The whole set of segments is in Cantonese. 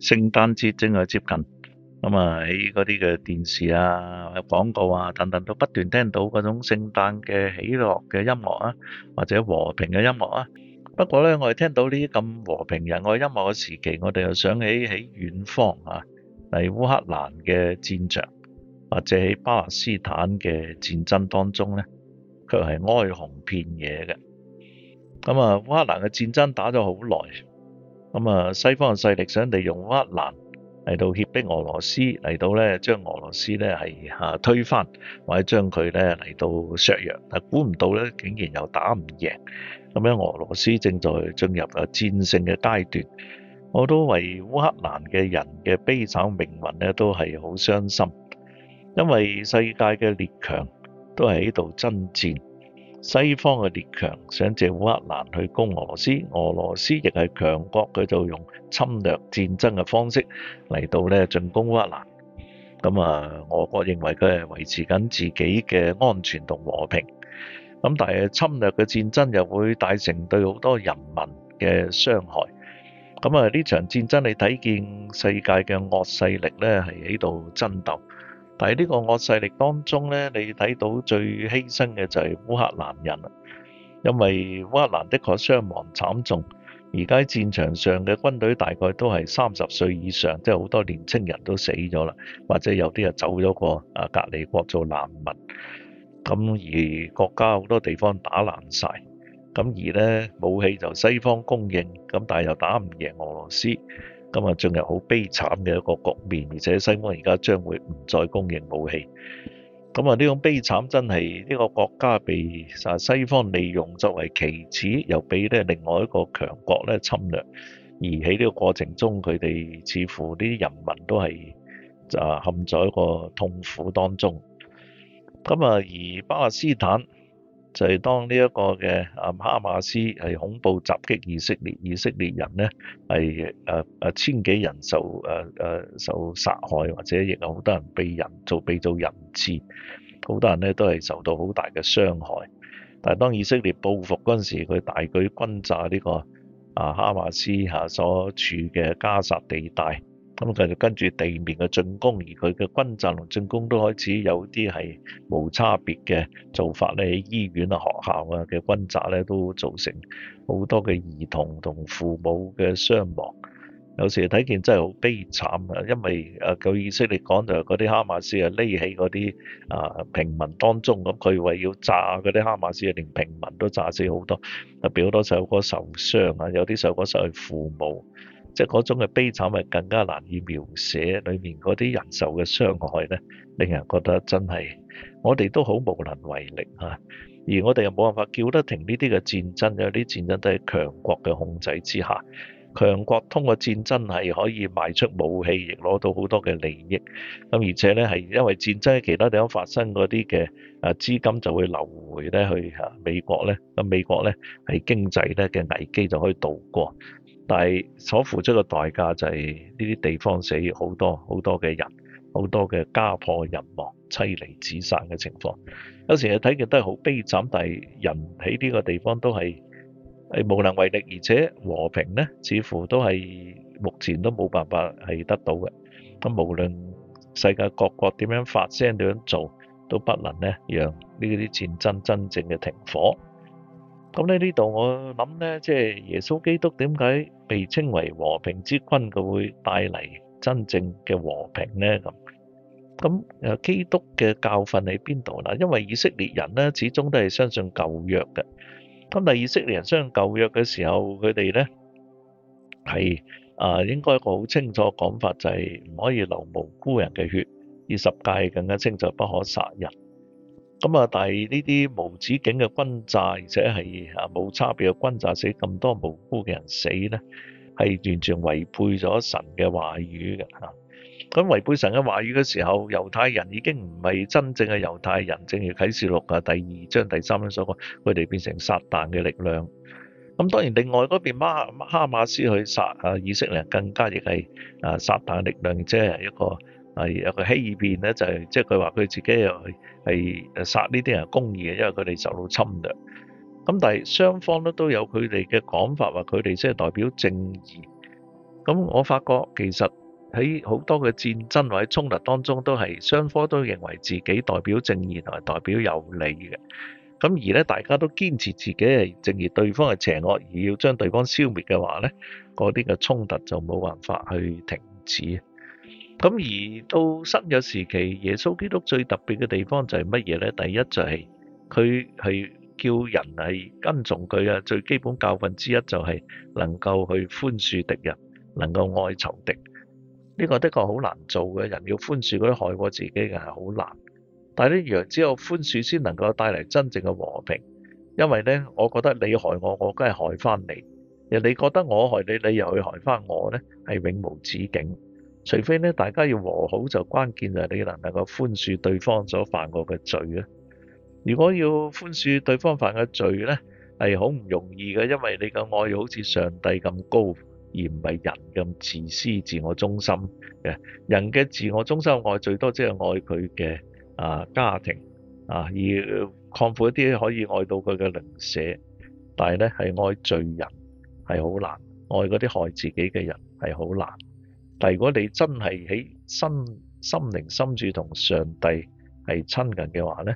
聖誕節正喺接近，咁啊喺嗰啲嘅電視啊、廣告啊等等，都不斷聽到嗰種聖誕嘅喜樂嘅音樂啊，或者和平嘅音樂啊。不過咧，我哋聽到呢啲咁和平、仁愛音樂嘅時期，我哋又想起喺遠方啊，例如烏克蘭嘅戰場，或者喺巴勒斯坦嘅戰爭當中咧，佢係哀鴻遍野嘅。咁啊，烏克蘭嘅戰爭打咗好耐。咁啊，西方嘅勢力想利用烏克蘭嚟到脅迫俄羅斯，嚟到咧將俄羅斯咧係嚇推翻，或者將佢咧嚟到削弱。估唔到咧，竟然又打唔贏。咁樣俄羅斯正在進入啊戰勝嘅階段。我都為烏克蘭嘅人嘅悲慘命運咧，都係好傷心。因為世界嘅列強都喺度爭戰。西方嘅列強想借烏克蘭去攻俄羅斯，俄羅斯亦係強國，佢就用侵略戰爭嘅方式嚟到咧進攻烏克蘭，咁啊，俄國認為佢係維持緊自己嘅安全同和，和平。咁但係侵略嘅戰爭又會帶成對好多人民嘅傷害。咁啊，呢場戰爭你睇見世界嘅惡勢力咧係喺度爭鬥。但係呢個惡勢力當中咧，你睇到最犧牲嘅就係烏克蘭人啦，因為烏克蘭的確傷亡慘重，而家喺戰場上嘅軍隊大概都係三十歲以上，即係好多年青人都死咗啦，或者有啲人走咗過啊隔離國做難民，咁而國家好多地方打爛晒，咁而咧武器就西方供應，咁但係又打唔贏俄羅斯。咁啊，進入好悲慘嘅一個局面，而且西方而家將會唔再供應武器。咁啊，呢種悲慘真係呢個國家被西方利用作為棋子，又俾咧另外一個強國咧侵略，而喺呢個過程中，佢哋似乎啲人民都係啊陷在一個痛苦當中。咁啊，而巴勒斯坦。就係、是、當呢一個嘅啊哈馬斯係恐怖襲擊以色列，以色列人呢係誒誒千幾人受誒誒受殺害，或者亦有好多人被人做被做人質，好多人咧都係受到好大嘅傷害。但係當以色列報復嗰陣時候，佢大舉轟炸呢個啊哈馬斯嚇所處嘅加薩地帶。咁繼續跟住地面嘅進攻，而佢嘅轟炸同進攻都開始有啲係無差別嘅做法咧，喺醫院啊、學校啊嘅轟炸咧都造成好多嘅兒童同父母嘅傷亡，有時睇見真係好悲慘啊！因為誒，據以色列嚟講就係嗰啲哈馬斯啊，匿喺嗰啲啊平民當中咁，佢為要炸嗰啲哈馬斯啊，連平民都炸死好多，特別好多細路哥受傷啊，有啲細路哥受傷就係父母。即係嗰種嘅悲慘係更加難以描寫裏面嗰啲人受嘅傷害咧，令人覺得真係我哋都好無能為力啊。而我哋又冇辦法叫得停呢啲嘅戰爭，有啲戰爭都係強國嘅控制之下。強國通過戰爭係可以賣出武器，亦攞到好多嘅利益。咁而且咧係因為戰爭喺其他地方發生嗰啲嘅啊資金就會流回咧去吓美國咧，咁美國咧係經濟咧嘅危機就可以度過。但係所付出嘅代價就係呢啲地方死好多好多嘅人，好多嘅家破人亡、妻離子散嘅情況。有時睇見都係好悲慘，但係人喺呢個地方都係係無能為力，而且和平呢似乎都係目前都冇辦法係得到嘅。咁無論世界各國點樣發聲、點樣做，都不能呢讓呢啲戰爭真正嘅停火。咁呢度我諗咧，即係耶穌基督點解被稱為和平之君，佢會帶嚟真正嘅和平咧？咁咁誒，基督嘅教訓喺邊度嗱？因為以色列人咧始終都係相信舊約嘅。咁但係以色列人相信舊約嘅時候，佢哋咧係啊，應該好清楚講法，就係、是、唔可以流無辜人嘅血。二十誡更加清楚不可殺人。咁啊！但係呢啲無止境嘅轟炸，而且係啊冇差別嘅轟炸，死咁多無辜嘅人死咧，係完全違背咗神嘅話語嘅嚇。咁違背神嘅話語嘅時候，猶太人已經唔係真正嘅猶太人，正如啟示錄啊第二章第三章所講，佢哋變成撒但嘅力量。咁當然另外嗰邊哈馬斯去殺啊以色列更加亦係啊撒但力量，即係一個。係有個欺辯咧，就係即係佢話佢自己係係誒殺呢啲人係公義嘅，因為佢哋受到侵略。咁但係雙方咧都有佢哋嘅講法，話佢哋即係代表正義。咁我發覺其實喺好多嘅戰爭或者衝突當中，都係雙方都認為自己代表正義同埋代表有利嘅。咁而咧大家都堅持自己係正義，對方係邪惡，而要將對方消滅嘅話咧，嗰啲嘅衝突就冇辦法去停止。咁而到新約時期，耶穌基督最特別嘅地方就係乜嘢咧？第一就係佢係叫人係跟從佢呀。最基本教訓之一就係能夠去寬恕敵人，能夠愛仇敵。呢個的確好難做嘅，人要寬恕嗰啲害過自己嘅係好難。但係呢，如果只有寬恕先能夠帶嚟真正嘅和平，因為咧，我覺得你害我，我梗係害翻你；人哋你覺得我害你，你又去害翻我咧，係永無止境。除非咧，大家要和好，就關鍵就係你能唔能夠寬恕對方所犯過嘅罪咧？如果要寬恕對方犯嘅罪咧，係好唔容易嘅，因為你嘅愛好似上帝咁高，而唔係人咁自私自我中心嘅。人嘅自我中心愛最多即係愛佢嘅啊家庭啊，而擴闊一啲可以愛到佢嘅鄰舍，但係咧係愛罪人係好難，愛嗰啲害自己嘅人係好難。但如果你真係喺心、心靈深處同上帝係親近嘅話咧，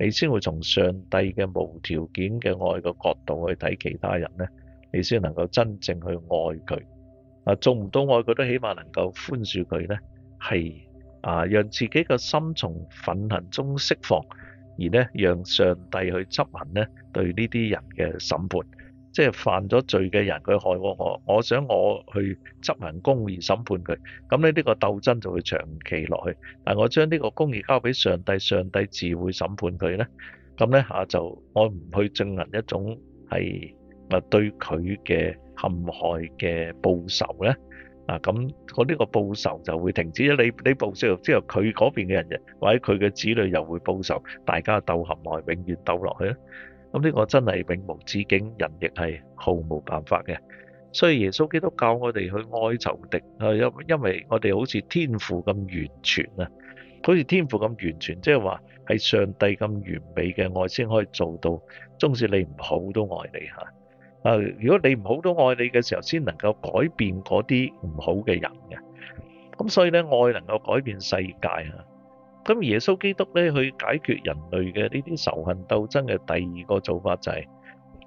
你先會從上帝嘅無條件嘅愛嘅角度去睇其他人咧，你先能夠真正去愛佢。啊，做唔到愛佢都起碼能夠寬恕佢咧，係啊，讓自己嘅心從憤恨中釋放，而咧讓上帝去執行咧對呢啲人嘅審判。即係犯咗罪嘅人，佢害我我，我想我去執行公義審判佢，咁咧呢個鬥爭就會長期落去。但我將呢個公義交俾上帝，上帝自會審判佢呢。咁呢下就我唔去進行一種係啊對佢嘅陷害嘅報仇呢啊咁，那我呢個報仇就會停止。你你報仇之後他那的人，佢嗰邊嘅人或者佢嘅子女又會報仇，大家鬥陷害，永遠鬥落去啊！咁、這、呢個真係永無止境，人亦係毫無辦法嘅。所以耶穌基督教我哋去愛仇敵，啊，因因為我哋好似天父咁完全啊，好似天父咁完全，即係話係上帝咁完美嘅愛先可以做到，縱使你唔好都愛你嚇，如果你唔好都愛你嘅時候，先能夠改變嗰啲唔好嘅人嘅。咁所以咧，愛能夠改變世界啊！咁耶穌基督咧，去解決人類嘅呢啲仇恨鬥爭嘅第二個做法，就係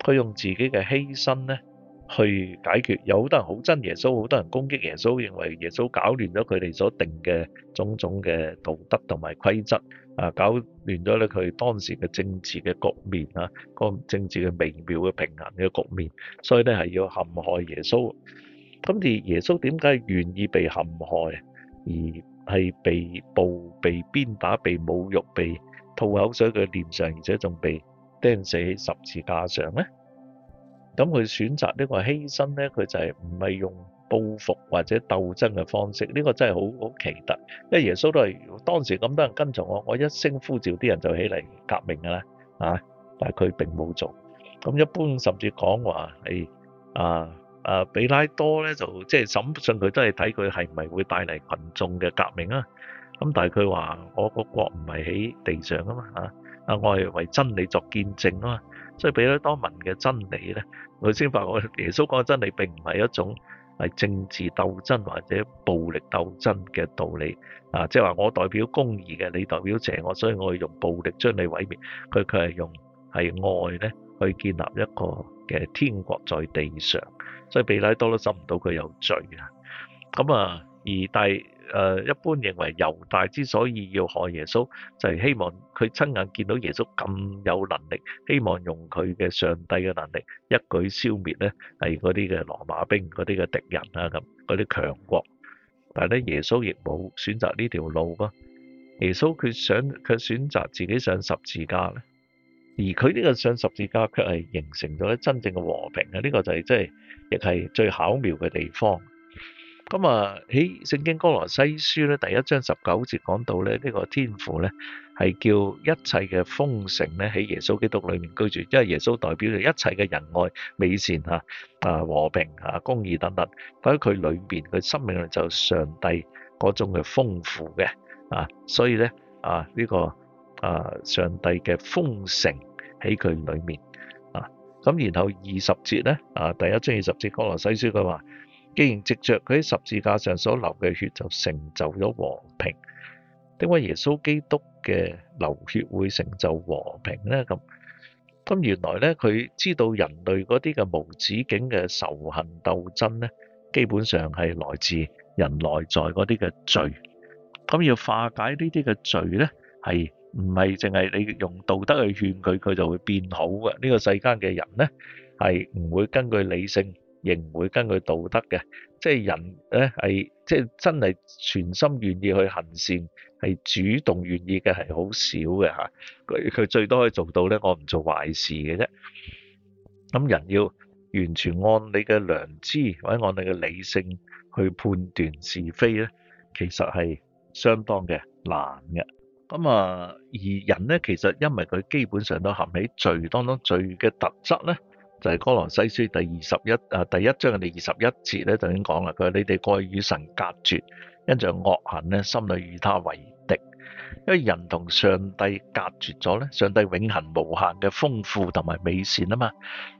佢用自己嘅犧牲咧去解決有。有好多人好憎耶穌，好多人攻擊耶穌，認為耶穌搞亂咗佢哋所定嘅種種嘅道德同埋規則啊，搞亂咗咧佢當時嘅政治嘅局面啊，個政治嘅微妙嘅平衡嘅局面，所以咧係要陷害耶穌。咁而耶穌點解願意被陷害而？係被暴、被鞭打、被侮辱、被吐口水嘅臉上，而且仲被釘死喺十字架上咧。咁佢選擇呢個犧牲咧，佢就係唔係用報復或者鬥爭嘅方式。呢個真係好好奇特，因為耶穌都係當時咁多人跟從我，我一聲呼召，啲人就起嚟革命噶啦。啊，但係佢並冇做。咁一般甚至講話，誒啊！啊，比拉多咧就即係審訊佢，真係睇佢係咪會帶嚟群眾嘅革命啊。咁但係佢話我個國唔係喺地上啊嘛，啊，我係為真理作見證啊嘛。所以比拉多聞嘅真理咧，佢先發覺耶穌講嘅真理並唔係一種係政治鬥爭或者暴力鬥爭嘅道理。啊，即係話我代表公義嘅，你代表邪惡，所以我用暴力將你毀滅。佢佢係用係愛咧去建立一個。嘅天國在地上，所以彼拉多都執唔到佢有罪啊！咁啊，而大誒一般認為猶大之所以要害耶穌，就係希望佢親眼見到耶穌咁有能力，希望用佢嘅上帝嘅能力一舉消滅咧，係嗰啲嘅羅馬兵，嗰啲嘅敵人啊咁嗰啲強國。但係咧，耶穌亦冇選擇呢條路咯。耶穌佢想，佢選擇自己上十字架咧。而佢呢個上十字架卻係形成咗真正嘅和平啊！呢個就係即係亦係最巧妙嘅地方。咁啊喺《聖經歌羅西書》咧，第一章十九節講到咧，呢個天父咧係叫一切嘅豐盛咧喺耶穌基督裏面居住，因為耶穌代表咗一切嘅仁愛、美善啊、啊和平啊、公義等等。喺佢裏面，佢生命裏就上帝嗰種嘅豐富嘅啊，所以咧啊呢個。啊！上帝嘅封城喺佢裏面啊，咁然後二十節咧啊，第一章二十節《哥羅西書》佢話：既然藉着佢喺十字架上所流嘅血就成就咗和平，點解耶穌基督嘅流血會成就和平咧？咁咁原來咧佢知道人類嗰啲嘅無止境嘅仇恨鬥爭咧，基本上係來自人內在嗰啲嘅罪。咁要化解呢啲嘅罪咧，係。唔係淨係你用道德去勸佢，佢就會變好嘅。呢個世間嘅人咧，係唔會根據理性，亦唔會根據道德嘅。即係人咧係即係真係全心願意去行善，係主動願意嘅，係好少嘅吓。佢佢最多可以做到咧，我唔做壞事嘅啫。咁人要完全按你嘅良知或者按你嘅理性去判斷是非咧，其實係相當嘅難嘅。咁啊，而人咧，其實因為佢基本上都含喺罪當中，罪嘅特質咧，就係《哥羅西書》第二十一啊第一章嘅第二十一節咧，就已經講啦。佢話：你哋過去與神隔絕，因著惡行咧，心裏與他為敵。因為人同上帝隔絕咗咧，上帝永恆無限嘅豐富同埋美善啊嘛，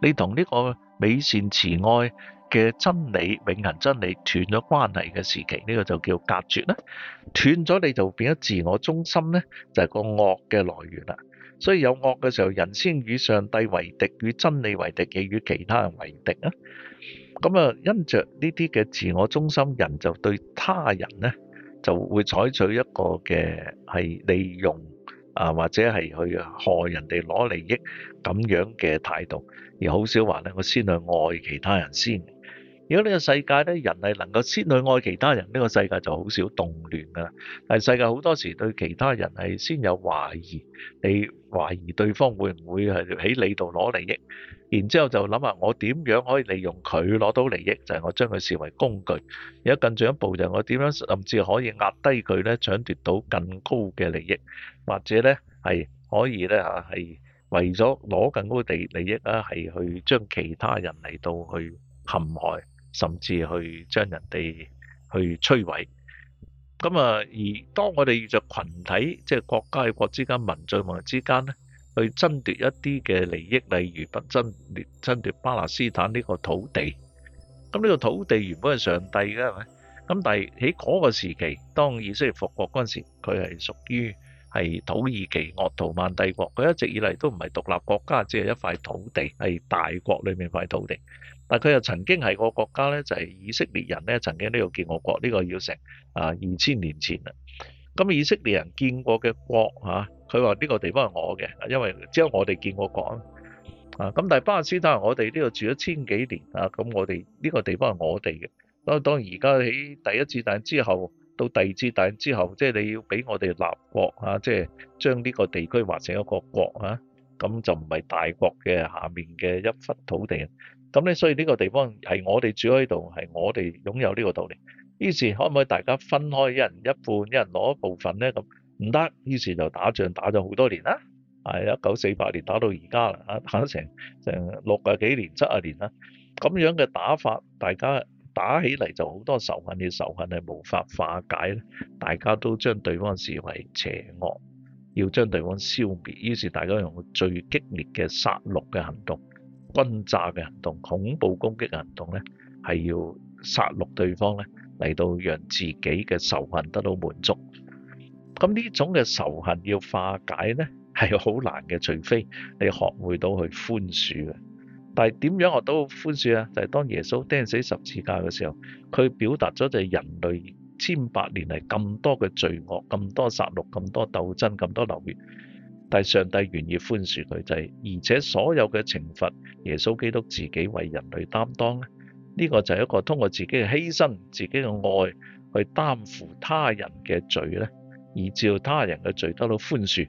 你同呢個美善慈愛嘅真理、永恆真理斷咗關係嘅時期，呢個就叫隔絕啦。斷咗你就變咗自我中心咧，就係個惡嘅來源啦。所以有惡嘅時候，人先與上帝為敵，與真理為敵，亦與其他人為敵啊。咁啊，因着呢啲嘅自我中心人，就對他人咧就會採取一個嘅係利用啊，或者係去害人哋攞利益咁樣嘅態度，而好少話咧，我先去愛其他人先。如果呢個世界咧，人係能夠先去愛其他人，呢個世界就好少動亂噶啦。但係世界好多時對其他人係先有懷疑，你懷疑對方會唔會係喺你度攞利益，然之後就諗下我點樣可以利用佢攞到利益？就係我將佢視為工具。而家更進一步就係我點樣甚至可以壓低佢咧，搶奪到更高嘅利益，或者咧係可以咧嚇係為咗攞更高嘅利利益啊，係去將其他人嚟到去陷害。甚至去將人哋去摧毀，咁啊！而當我哋着群體，即係國家與國之間、民族民人之間呢，去爭奪一啲嘅利益，例如不爭奪爭奪巴勒斯坦呢個土地。咁呢個土地原本係上帝嘅，係咪？咁但係喺嗰個時期，當以色列復國嗰陣時候，佢係屬於係土耳其鄂圖曼帝國，佢一直以嚟都唔係獨立國家，只係一塊土地，係大國裏面的塊土地。但佢又曾經係個國家咧，就係、是、以色列人咧，曾經都度建過國，呢、這個要成啊二千年前啦。咁以色列人建過嘅國嚇，佢話呢個地方係我嘅，因為只有我哋建過國啊。咁但係巴勒斯坦，我哋呢度住咗千幾年啊，咁我哋呢個地方係我哋嘅。咁當然而家喺第一次大戰之後，到第二次大戰之後，即、就、係、是、你要俾我哋立國啊，即係將呢個地區劃成一個國啊。咁就唔係大國嘅下面嘅一忽土地，咁咧所以呢個地方係我哋住喺度，係我哋擁有呢個道理。於是可唔可以大家分開一人一半，一人攞一部分咧？咁唔得，於是就打仗打咗好多年啦，係一九四八年打到而家啦，行成成六啊幾年、七啊年啦。咁樣嘅打法，大家打起嚟就好多仇恨嘅，仇恨係無法化解咧，大家都將對方視為邪惡。要將對方消滅，於是大家用最激烈嘅殺戮嘅行動、轟炸嘅行動、恐怖攻擊嘅行動咧，係要殺戮對方咧，嚟到讓自己嘅仇恨得到滿足。咁呢種嘅仇恨要化解咧，係好難嘅，除非你學會到去寬恕嘅。但係點樣學到寬恕啊？就係、是、當耶穌釘死十字架嘅時候，佢表達咗就係人類，千百年嚟咁多嘅罪惡，咁多殺戮，咁多鬥爭，咁多流血，但上帝願意寬恕佢哋，就是、而且所有嘅懲罰，耶穌基督自己為人類擔當咧，呢、這個就係一個通過自己嘅犧牲、自己嘅愛去擔負他人嘅罪咧，以照他人嘅罪得到寬恕，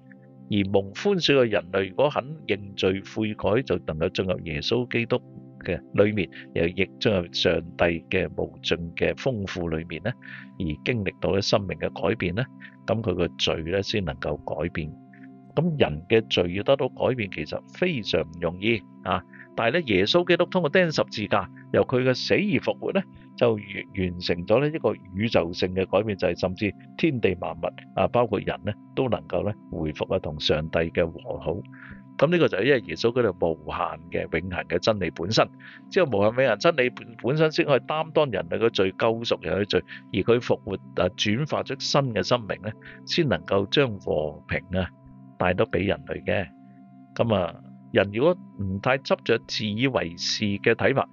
而蒙寬恕嘅人類如果肯認罪悔改，就能夠進入耶穌基督嘅裏面又亦將喺上帝嘅無盡嘅豐富裏面咧，而經歷到咧生命嘅改變咧，咁佢個罪咧先能夠改變。咁人嘅罪要得到改變，其實非常唔容易啊！但係咧，耶穌基督通過釘十字架，由佢嘅死而復活咧，就完完成咗咧一個宇宙性嘅改變，就係甚至天地萬物啊，包括人咧都能夠咧回復啊同上帝嘅和好。咁呢個就係因為耶穌佢哋無限嘅永恆嘅真理本身，只有無限永恆真理本身先可以擔當人類嘅罪、救贖人類嘅罪，而佢復活誒，轉化出新嘅生命咧，先能夠將和平啊帶到俾人類嘅。咁啊，人如果唔太執着自以為是嘅睇法，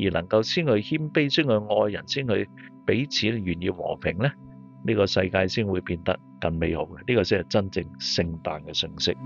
而能夠先去謙卑、先去愛人、先去彼此願意和平咧，呢、這個世界先會變得更美好嘅。呢、這個先係真正聖誕嘅訊息。